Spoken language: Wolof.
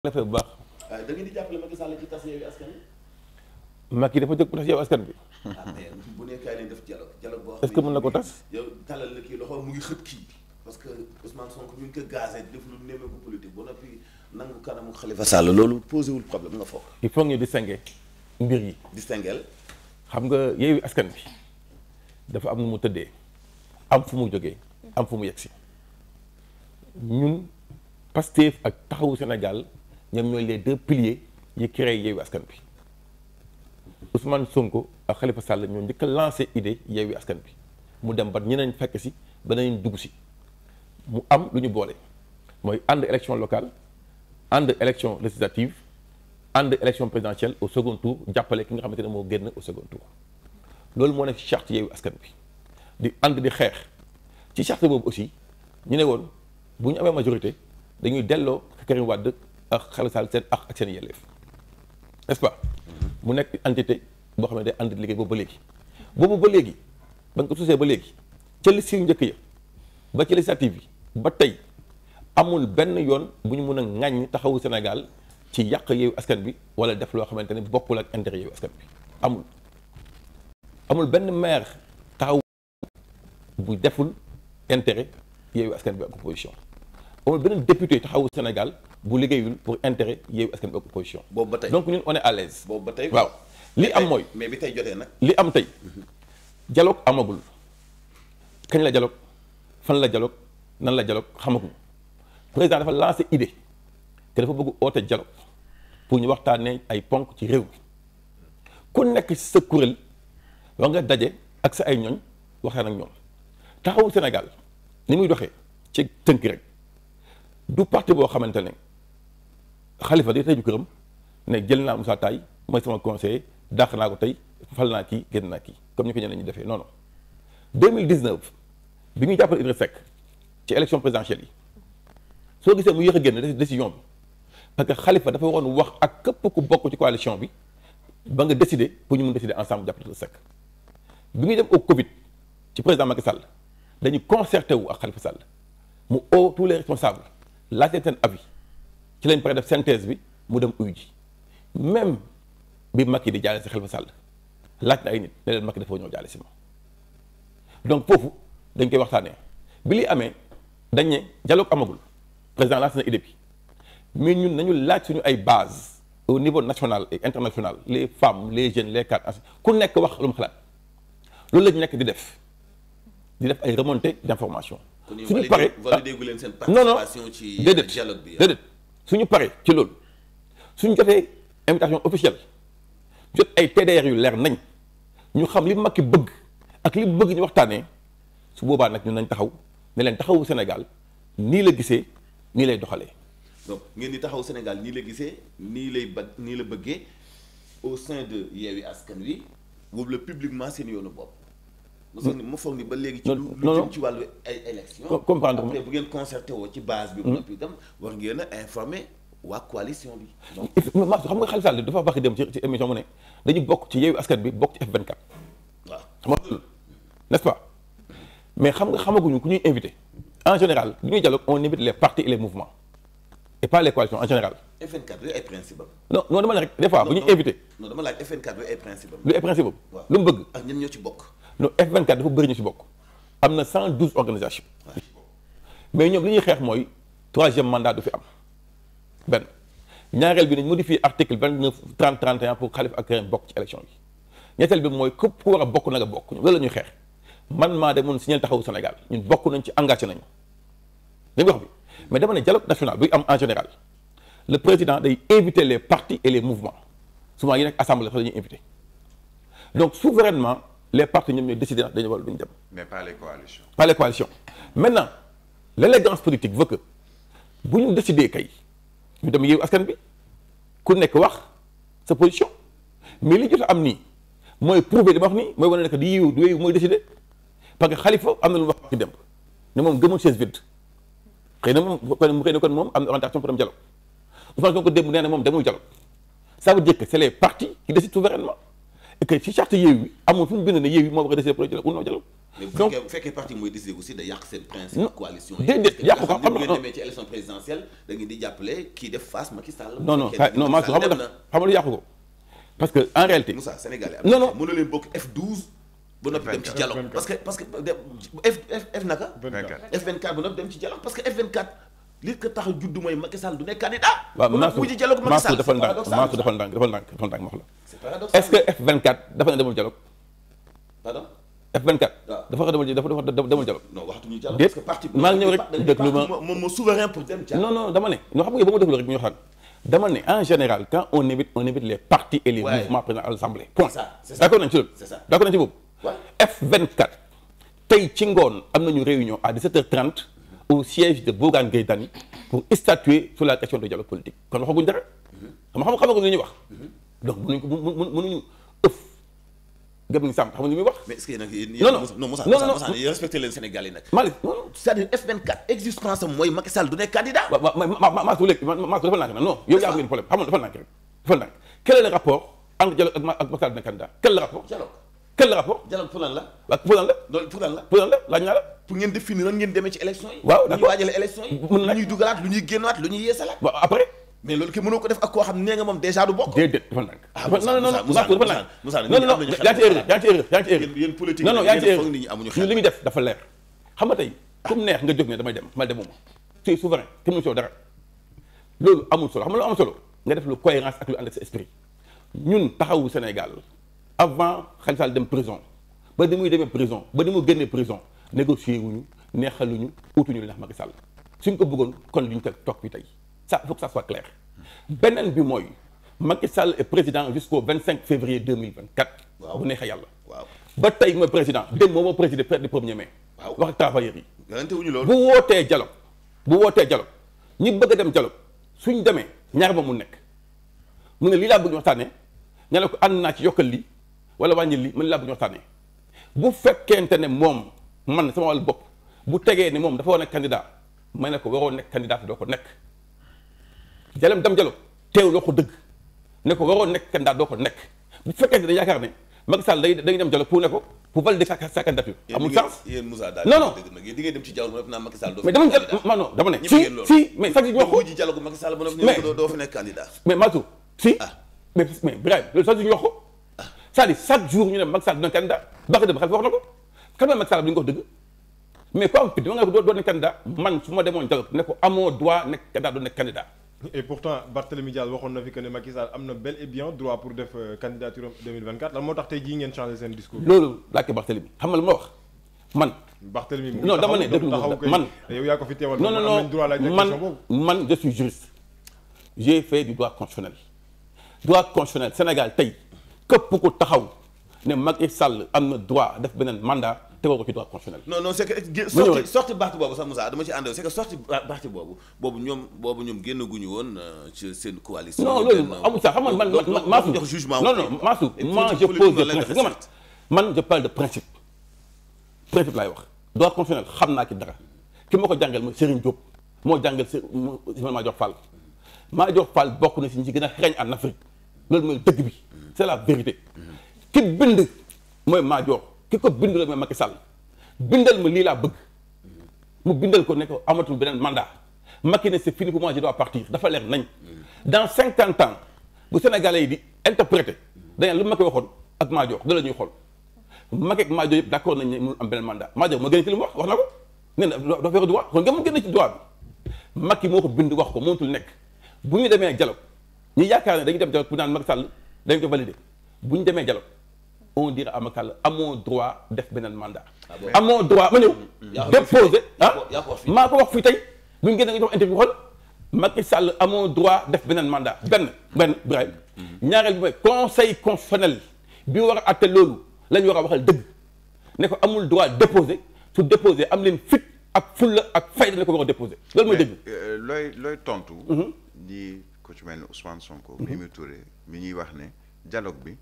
Ah, da ngeen di jàppale Macky Sall ci tas Yewwi Askan Wi. dafa jóg bu tas Yewwi Askan Wi. Ah, bu ne def dialogue dialogue boo xam ne que mën na ko tas. yow talal la kii parce que Ousmane Sonko ñu ngi ko gazé def lu nemmeeku politique ba noppi nangu kanamu Khalifa Sall loolu posé wul problème nga foog. il faut ñu distinguer mbir yi. distinguer. xam nga Yewwi Askan Wi dafa am nu mu tëddee am fu mu jógee am fu mu yegsi ñun Pastef ak taxawu Sénégal. ñoom ñooy les de piliers yi créer Yewwi Askan bi Ousmane Sonko ak Khalifa Sall ñoo njëkk a lancé idée Askan bi mu dem ba ñeneen fekk si ba nañ dugg si mu am lu ñu boole mooy ànd élection locale ànd élection législative ànd élection présidentielle au second tour jàppale ki nga xamante ne moo génn au second tour loolu moo nekk ci charte Yewwi Askan bi di ànd di xeex ci charte boobu aussi ñu ne woon bu ñu amee majorité dañuy delloo Karim Wade ak xalaat seen ak ak seen yelleef nest mu nekk entité boo xam ne day entité liggéey boobu ba léegi boobu ba léegi ba nga ko sosee ba léegi ca li si njëkk ya ba ci législative bi ba tey amul benn yoon bu ñu mën a ŋàññ taxawu Sénégal ci yàq yeewu askan bi wala def loo xamante ne bokkul ak intérêt yeewu askan bi amul amul benn maire taxaw bu deful intérêt yeewu askan bi ak opposition amul benn député taxawu Sénégal bu liggéeyul pour intérêt Yewwi Askan Wi ak opposition. boobu ba tey donc ñun on est boobu ba tey waaw li am mooy. mais bi tey jotee nag. li am tey dialogue amagul kañ la dialogue fan la dialogue nan la dialogue xamaguñ président dafa lancé idée que dafa bëgg oote dialogue pour ñu waxtaanee ay ponk ci réew mi ku nekk sa kuréel war nga daje ak sa ay ñooñ waxtaan ak ñoom taxawu Sénégal li muy doxee ci tënk rek du parti boo xamante ne. xalifa day tëju këram ne jël naa Moussa Taye mooy sama conseiller dàq naa ko tey fal naa kii génn naa kii comme ni ko ñeneen ñu defee non non 2019 bi ñu jàppale Idrissa Seck ci élection présidentielle yi soo gisee mu yéex a génn décision bi parce que xalifa dafa waroon wax ak képp ku bokk ci coalition bi ba nga décider pour ñu mun décider ensemble jàppale Idrissa Seck bi ñu def au Covid ci président Macky Sall dañu concerté wu ak xalifa Sall mu oo tous les responsables laajte seen ci lañ pare def synthèse bi mu dem uyu ji même bi yi di jaale si Khalifa Sall laaj na ay nit ne leen Macky dafa ñëw jaale si ma donc foofu dañ koy waxtaanee bi li amee dañ ne dialogue amagul président lancé na idée bi mais ñun nañu laaj suñu ay base au niveau national et international les femmes les jeunes les cadres ku nekk wax lu mu xalaat loolu la ñu nekk di def di def ay remontées d'informations. suñu paree validé gu leen seen participation ci dialogue bi déedéet suñu paree ci loolu suñu jotee invitation officielle jot ay TDR yu leer nañ ñu xam li Macky bëgg ak li bëgg ñu waxtaanee su boobaa nag ñu nañ taxaw ne leen taxawu Sénégal nii la gisee nii lay doxalee. donc ngeen di taxaw Sénégal nii la gisee nii lay ba nii la bëggee au sein de Yewwi Askan Wi wóobu la publiquement seen yoonu bopp. mu foog ni ba léegi. ci lu jëm ci wàllu ay élection comprendre après bu woo ci base bi. bu dem mm-hmm. war ngeen a informer waa coalition bi. donc xam nga Khalifa Sall dafa baax dem ci ci émission mu ne dañu bokk ci Yewwi Askan bi bokk ci F24. waaw xam nga n'est-ce pas mais xam nga xamaguñu ku ñuy invité en général bu ñuy dialogue on invite les partis et les mouvements et pas les coalitions en général. F24 yooyu ay principe am. non lu mu bëgg. ak ñun ñoo ci bokk. non F24 dafa ñu si bokk am na 112 organisations. mais ñoom li ñuy xeex mooy troisième mandat du fi am benn ñaareel bi nañ modifié article 29 30 31 pour Khalifa ak Karim bokk ci élection bi bi mooy képp ku a bokk na nga bokk loolu ñuy xeex man maa demoon signal taxawu Sénégal ñun bokk nañ ci engagé nañu li nga wax bi mais dama ne dialogue national buy am en général le président day inviter les partis et les mouvements suma yi nekk assemblée sax la ñuy invité donc souverainement les partis ñoom ñooy décider dañu wala duñu dem. mais pas les coalitions. pas les coalitions maintenant l'élégance politique veut que bu ñu décider kay ñu dem yeewu askan bi ku nekk wax sa position mais li jot am nii mooy prouver li ma wax nii mooy wane ne que di yeewu du yeewu mooy décider parce que Khalifa am na lu wax ci dem ne moom gëmul chaise vide xëy na moom kon xëy na kon moom am na orientation pour dem dialogue Ousmane Sonko démb nee na moom demul dialogue ça veut dire que c'est les partis qui décident souverainement. que ci charte Yewwi amul fu mu bind ne Yewwi moo wax décider pour dialogue ou non dialogue donc bu fekkee parti mooy décider aussi day yàq seen principe coalition yi ko xam nga demee ci élection présidentielle da ngeen di jàppale kii def face Macky Sall non non non maa xam nga xam nga yàqu ko parce que en réalité Moussa Sénégalais F12 noppi dem ci dialogue parce que F F naka F24 noppi dem ci dialogue parce que F24 li ko tax a judd mooy Macky Sall du nekk candidat. waaw Mansour Mansour defal ndànk Mansour defal ndànk defal ndànk defal ndànk ma wax la. c'est que F24 dafa ne demul dialogue. pardon. F24. waaw rek déglu ma moom moo pour dem dialogue. non non dama ne ñoo xam nga ba ma déglu rek ñu waxaat dama ne en général quand on évite on évite les partis et les mouvements présents à l'Assemblée. ci loolu. c'est ça d'accord nañ ci boobu. F24 tey ci ngoon am nañu réunion à 17h30 au siège de Bougane Gueye pour statuer sur la question du dialogue politique kon waxaguñ dara mhm. xam nga xam nga lu ñuy wax mhm. donc mënuñ ko mënuñu ëf gëm ni sàmm xam nga lu wax. mais est-ce que nag yéen non non yi nag. Malick c'est-à-dire F24 ma ma ma su léegi ma ma su defal naa ko nag non. yow yaa ngi problème xam nga defal naa ko rek defal naa rapport ak Macky du nekk candidat quel est rapport. quel rapport dialogue pour lan la waaw pour lan la la la laaj naa la pour ngeen définir lan ngeen demee ci élection yi waaw d'accord waajale élection yi mën na lu ñuy dugalaat lu ñuy génnaat lu ñuy yeesalaat waaw après mais loolu kay mënoo ko def ak koo xam neex nga jóg ne damay dem mal demuma tu es souverain te soo dara loolu amul solo nga lu am solo nga def lu cohérence ak lu ànd esprit ñun taxawu Sénégal avant Khalifa dem prison ba ni muy demee prison ba ni mu génnee prison négocier wuñu neexaluñu utuñu li ndax Macky su suñ ko bëggoon kon li ñu teg toog bi tey ça faut que ça soit clair beneen bi mooy Macky Sall est président cinq 25 février 2024. waaw bu neexee yàlla. waaw ba tey mooy président dem moom moo présidé perte du premier mai. waaw wax ak travailleurs yi. garanti wuñu loolu bu wootee dialogue bu wootee dialogue ñi bëgg a dem dialogue suñ demee ñaar ba mu nekk mu ne lii laa bëgg waxtaanee ña ne ko ànd naa ci yokkal lii. wala wàññi li mën laa bëgg ñu waxtaanee bu fekkente ne moom man sama wàllu bopp bu tegee ne moom dafa war nekk candidat may ne ko waroo nekk candidat te doo ko nekk jalem dam jalo teew loo ko ne ko waroo nekk candidat doo yaakaar ne Macky Sall day dem jalo pour ne pour valider sa sa candidature. amul sens yéen Moussa ne. si si mais sax ah. mais mais mais loolu sax ñu wax ko c'est-à-dire chaque jour ñu ne Macky Sall dina candidat baax na wax na ko kan la Macky Sall bi nga ko dëgg mais ku am fit dama nga doon nekk candidat man su ma demoon dialogue ne ko amoo droit nekk candidat doon nekk candidat. et pourtant Barthélemy Diaz waxoon na fi que ne Macky am na bel et bien droit pour def euh, candidature am 2024 lan moo tax tey jii ngeen changé seen discours. loolu laajte Barthélemy ne déglu man yow yaa man man je suis fait du droit constitutionnel. droit constitutionnel Sénégal tey. këpp ku taxaw ne Macky Sall am na droit def beneen mandat tegoo ko ci droit constitutionnel. non non c'est que sorti sorti parti boobu sax Moussa dama ci ànd c'est que sorti parti boobu boobu ñoom boobu ñoom génnaguñu woon euh, ci seen coalition. non loolu amul sax xam nga man man Mansour jox jugement non non Mansour moi je pose de principe nga man man je parle de principe principe laay wax droit constitutionnel xam naa ci dara ki ma ko jàngal mooy Serigne Diop moo jàngal Serigne Maa Jox Fall Maa Jox Fall bokk na si ñi ci gën a xereñ en Afrique. loolu mooy dëgg bi c'est la vérité ki bind mooy Madior ki ko bind la mooy makki sal bindal ma lii laa bëgg mu bindal ko ne ko amatul beneen mandat Macky ne c'est fini pour moi je dois partir dafa leer nañ dans cinquante ans bu Sénégalais yi di interpréter dañaan lu Macky waxoon ak Madior da la ñuy xool Macky ak Madior yëpp nañ ne beneen mandat Madior moo gën ci li mu wax wax na ko nee na dafa yor droit kon nga mu gën ci droit bi Macky moo ko bind wax ko mënatul nekk bu ñu demee dialogue ñi yaakaar ne dañu dem dialogue pour naan Macky ko bu ñu demee dialogue di dira à Macky Sall amoo droit def beneen manda ah amoo droit ma ñëw. Mm, mm. déposer ah maa ko wax fii tey bu ñu génnee nga jox interview xool Macky Sall amoo droit def beneen manda benn benn Ibrahima. Mm-hmm. ñaareel bi mooy conseil constitutionnel bi war a àtte loolu la ñu war a waxal dëgg ne ko amul droit déposer su déposer am leen fit ak fulla ak fayda ne ko war a déposer loolu euh, looy looy tontu. ni mm-hmm. ku ci mel ni Ousmane Sonko. Mimi Touré mi ñuy wax ne dialogue bi.